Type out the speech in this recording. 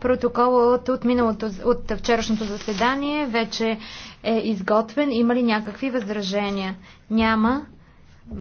Протоколът от, миналото, от вчерашното заседание вече е изготвен. Има ли някакви възражения? Няма.